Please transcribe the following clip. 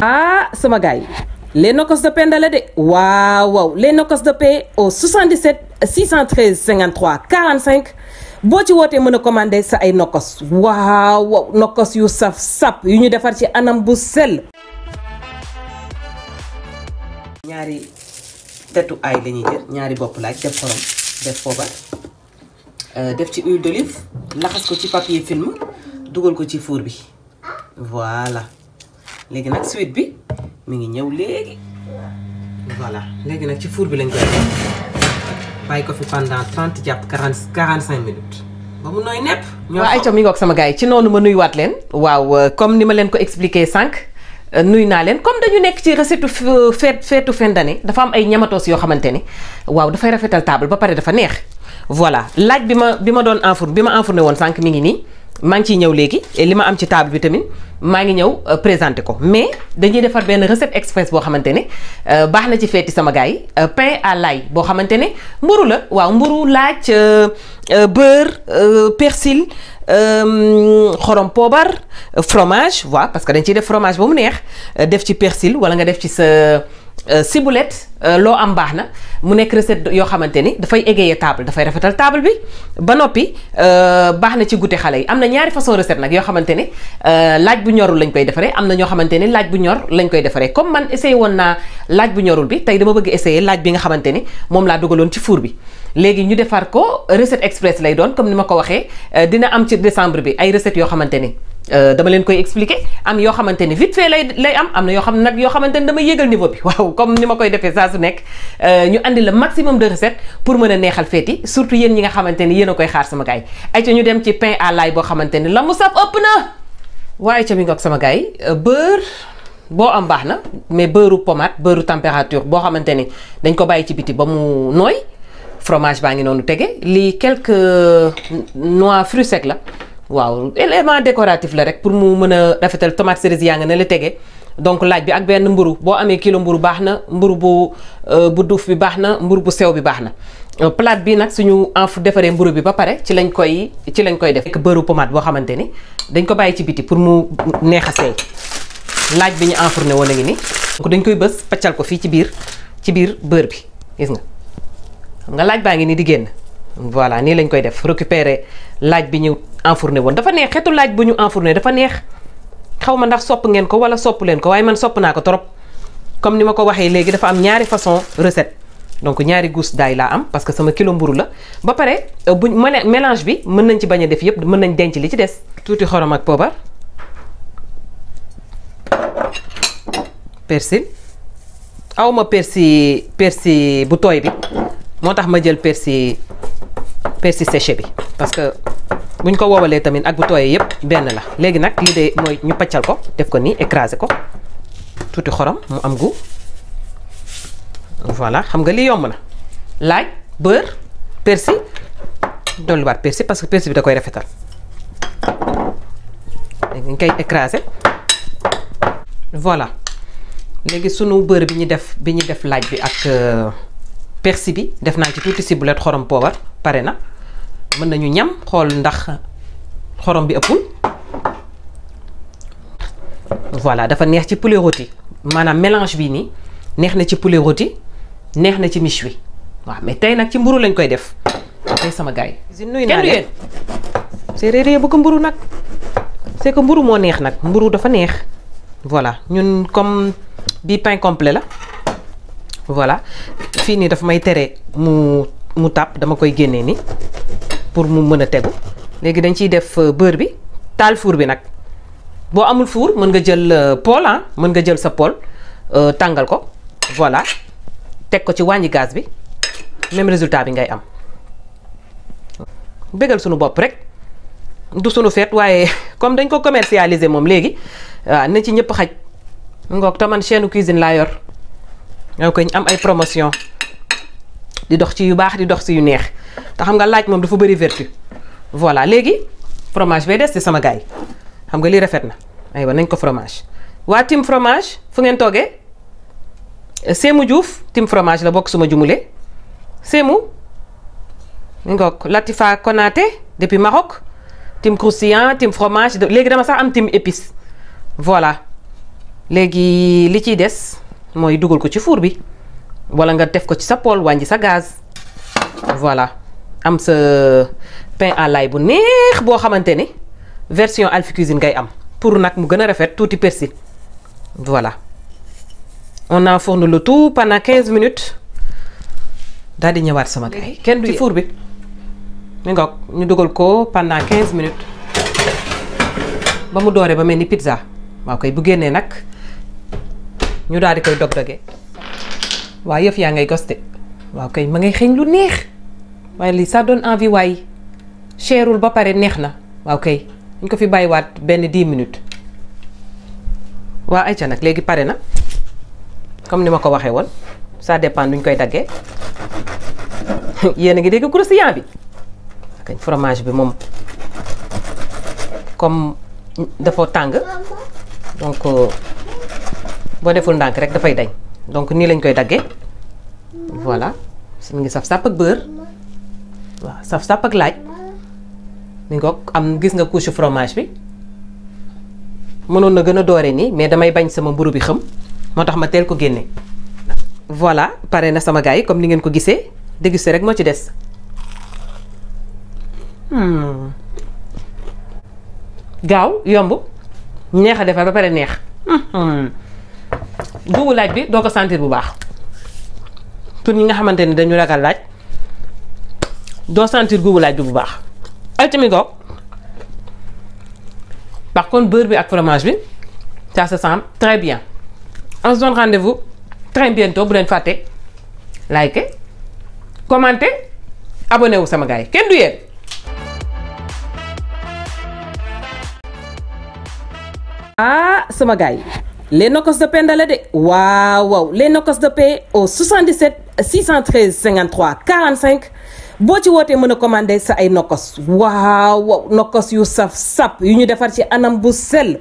ah sama gars yi les nokos de paix ndala de waaw waaw les nokos de paix au 77 613 53 45 boo ci wootee mën a commandé sa ay nokkos waaw waaw nokos yu saf sap yu ñu defar ci anam bu sell. ñaari tetu ay la ñuy ñaari bopp laaj def xorom def poobar euh, def ci huile d'olive laxas ko ci papier film dugal ko ci fuur bi voilà. léegi nag suite bi mu ngi ñëw léegi voilà léegi nag ci four bi lañ koy bàyyi ko fi pendant trente jàpp quarante quarante cinq minutes ba mu nooy nepp waaw ay mi ngoog sama gars yi ci noonu ma nuyuwaat leen waaw euh, comme ni ma leen ko expliquer sànq euh, nuy naa leen comme dañu nekk ci recette feet feetu fin dafa am ay ñamatoos yoo xamante ne waaw dafay rafetal table ba pare dafa neex voilà laaj bi ma bi ma doon enfourne bi ma enfourné woon sànq mi ngi nii maa ngi ciy ñëw léegi li ma am ci table bi tamit maa ngi ñëw euh, présenté ko mais dañuy defar benn recette express boo xamante ne euh, baax na ci feeti sama gars yi euh, pain à l'ail boo xamante ne mburu la waaw mburu laaj beurre persil xorom poobar fromage waaw parce que dañ ciy def fromage ba mu neex def ci persil wala nga def ci sa ciboulette euh, euh, loo am baax na mu nekk recette yoo xamante ni dafay égayer table dafay rafetal table bi ba noppi euh, baax na ci gutte xale yi am na ñaari façon recette nag yoo xamante ni laaj bu ñorul lañ koy defaree am na ñoo xamante ne laaj bu lañ koy defaree comme man essayé woon naa laaj bu ñorul bi tey dama bëgg essayer laaj bi nga xamante ni moom laa dugaloon ci four bi léegi ñu defar ko recette express lay doon comme ni ma ko waxee dina am ci décembre bi ay recettes yoo xamante ni Euh, dama leen koy expliquer am yoo xamante ne vite fait lay lay am am na yoo xam nag yoo xamante ni damay yégal niveau bi waaw comme ni ma koy defee saa su nekk euh, ñu indi le maximum de recettes pour mën a neexal feet yi surtout yéen ñi nga xamante ni yéen a koy xaar sama gars ay ca ñu dem ci pain à boo xamante ne la mu saf ëpp na waaye ca mi ngoog sama gars euh, yi boo am baax na mais beurre pommade beurre température boo xamante ni dañ ko bàyyi ci biti ba mu nooy fromage baa ngi noonu tege lii quelques noix fruits secs la waaw élément décoratif la rek pour mu mën a rafetal tomat cerise yaa ngi ne la tege donc laaj bi ak benn mburu boo amee kilo mburu baax na mburu bu euh, bu duuf bi baax na mburu bu sew bi baax na euh, palaat bi nag suñu enf defaree mburu bi ba pare ci lañ koy ci lañ koy def ak beurre boo xamante ni dañ ko bàyyi ci biti pour mu neex a laaj bi ñu enfourné woon a ni donc dañ koy bës paccal ko fii ci biir ci biir beurre bi gis nga xam nga laaj baa ngi ni di génn voilà nii lañ koy def récupérer laaj bi ñu enfourné woon dafa neex xetu laaj bu ñu enfourné dafa neex xaw ma ndax sopp ngeen ko wala sopp leen ko waaye man sopp naa ko trop comme ni ma ko waxee léegi dafa am ñaari façon recette donc ñaari gousse daay laa am parce que sama kilo mburu la ba pare euh, bu mélange bi mën nañ ci bañ a def yëpp mën nañ denc li ci des tuuti xorom ak poobar persil awma persil persil bu tooy bi moo tax ma jël persil persil séché bi parce bu ñu ko woowalee tamit ak bu tooyee yëpp benn la léegi nag li de mooy ñu paccal ko def ko nii écrasé ko tuuti xorom mu am gu voilà xam nga li yomb na laaj beurre persil dolliwaat persil parce que persil bi da koy rafetal léegi ñu koy écrasé voilà léegi sunu beurre bi ñu def bi ñu def laaj bi ak euh, persil bi def naa ci tuuti ciboulette xorom poobar pare na. mën nañu ñam xool ndax xorom bi ëppul voilà dafa neex ci poulet rôti maanaam mélange bi nii neex na ci poulet rôti neex na ci méchoui waaw mais tey nag ci mburu lañ koy def sama gars yi. nuyu naa leen séeréer yi bëgg mburu nag c'est que mburu moo neex nag mburu dafa neex voilà ñun comme bi pain complet la voilà fii nii dafa may tere mu mu tàpp dama koy génnee nii pour mu mën a tegu léegi dañ ciy def euh, beurre bi taal four bi nag boo amul four mën nga jël euh, poêle ah. mën nga jël sa poêle euh, tàngal ko voilà teg ko ci wàññi gaz bi même résultat bi ngay am bégal sunu bopp rek du sunu feet waaye comme dañ ko commercialiser moom léegi waaw na ci ñëpp xaj ngoog taman chaîne cuisine laa yor ñoo koy am ay promotion di dox ci yu baax di dox ci yu neex te xam nga laaj moom dafa bëri vertu voilà léegi fromage bay des ci sama gars xam nga lii rafet na aywa nañ ko fromage waa tim fromage fu ngeen toogee Sémou Diouf tim fromage la bokk suma jumule Sémou ngook Latifa Konaté depuis Maroc tim croustillant tim fromage léegi dama sax am tim épice voilà léegi li ciy des mooy dugal ko ci fuur bi wala nga def ko ci sa poêle wàññi sa gaz voilà am sa pain à l'ail bu neex boo xamante ni version Alphie Cuisine ngay am pour nag mu gën a rafet tuuti persi voilà on enfourne le tout pendant quinze minutes daal di ñëwaat sama gars yi kenn du ci four bi mi ngoog ñu dugal ko pendant 15 minutes ba mu dooree ba mel ni pizza waaw koy bu génnee nag ñu daal di koy dog-doge waaw yëf yaa ngay goste waaw kay ma ngay xeeñ lu neex waaye lii ça donne envie waay cherul ba pare neex na waaw kay ñu ko fi bàyyiwaat benn 10 minute waa ayca nag léegi pare na comme ni ma ko waxee woon ça dépend duñ koy daggee yéen a ngi dégg croustillant bi kañ fromage bi moom comme dafa tàng donc euh, boo deful ndànk rek dafay dañ donc nii lañ koy daggee voilà suñu ngi saf sàpp ak beurre waaw saf sàpp ak laaj mi ngoog am gis nga couche fromage bi mënoon na gën a doore nii mais damay bañ sama mburu bi xëm moo tax ma teel ko génne. voilà pare na sama gars yi comme ni ngeen ko gisee dégusté rek moo ci des. Hmm. gaaw yomb neex a defar ba pare neex. Hmm. guubu laaj bi doo ko sentir bu baax. pour ñi nga xamante ni dañu ragal laaj. doo sentir guubu laaj bi bu baax ay tamit par contre beurre bi ak fromage bi ça se sent bien on se donne rendez-vous très bientôt bu leen fàtte liker commenter abonné wu sama gars yi kenn du yéen ah sama gars yi les nokos de pain ndala de waaw waaw les de pain au 77 613 53 45 boo ci wootee mën a commandé sa ay nokkos waaw nokkos yu saf sap yu ñu defar ci anam bu sell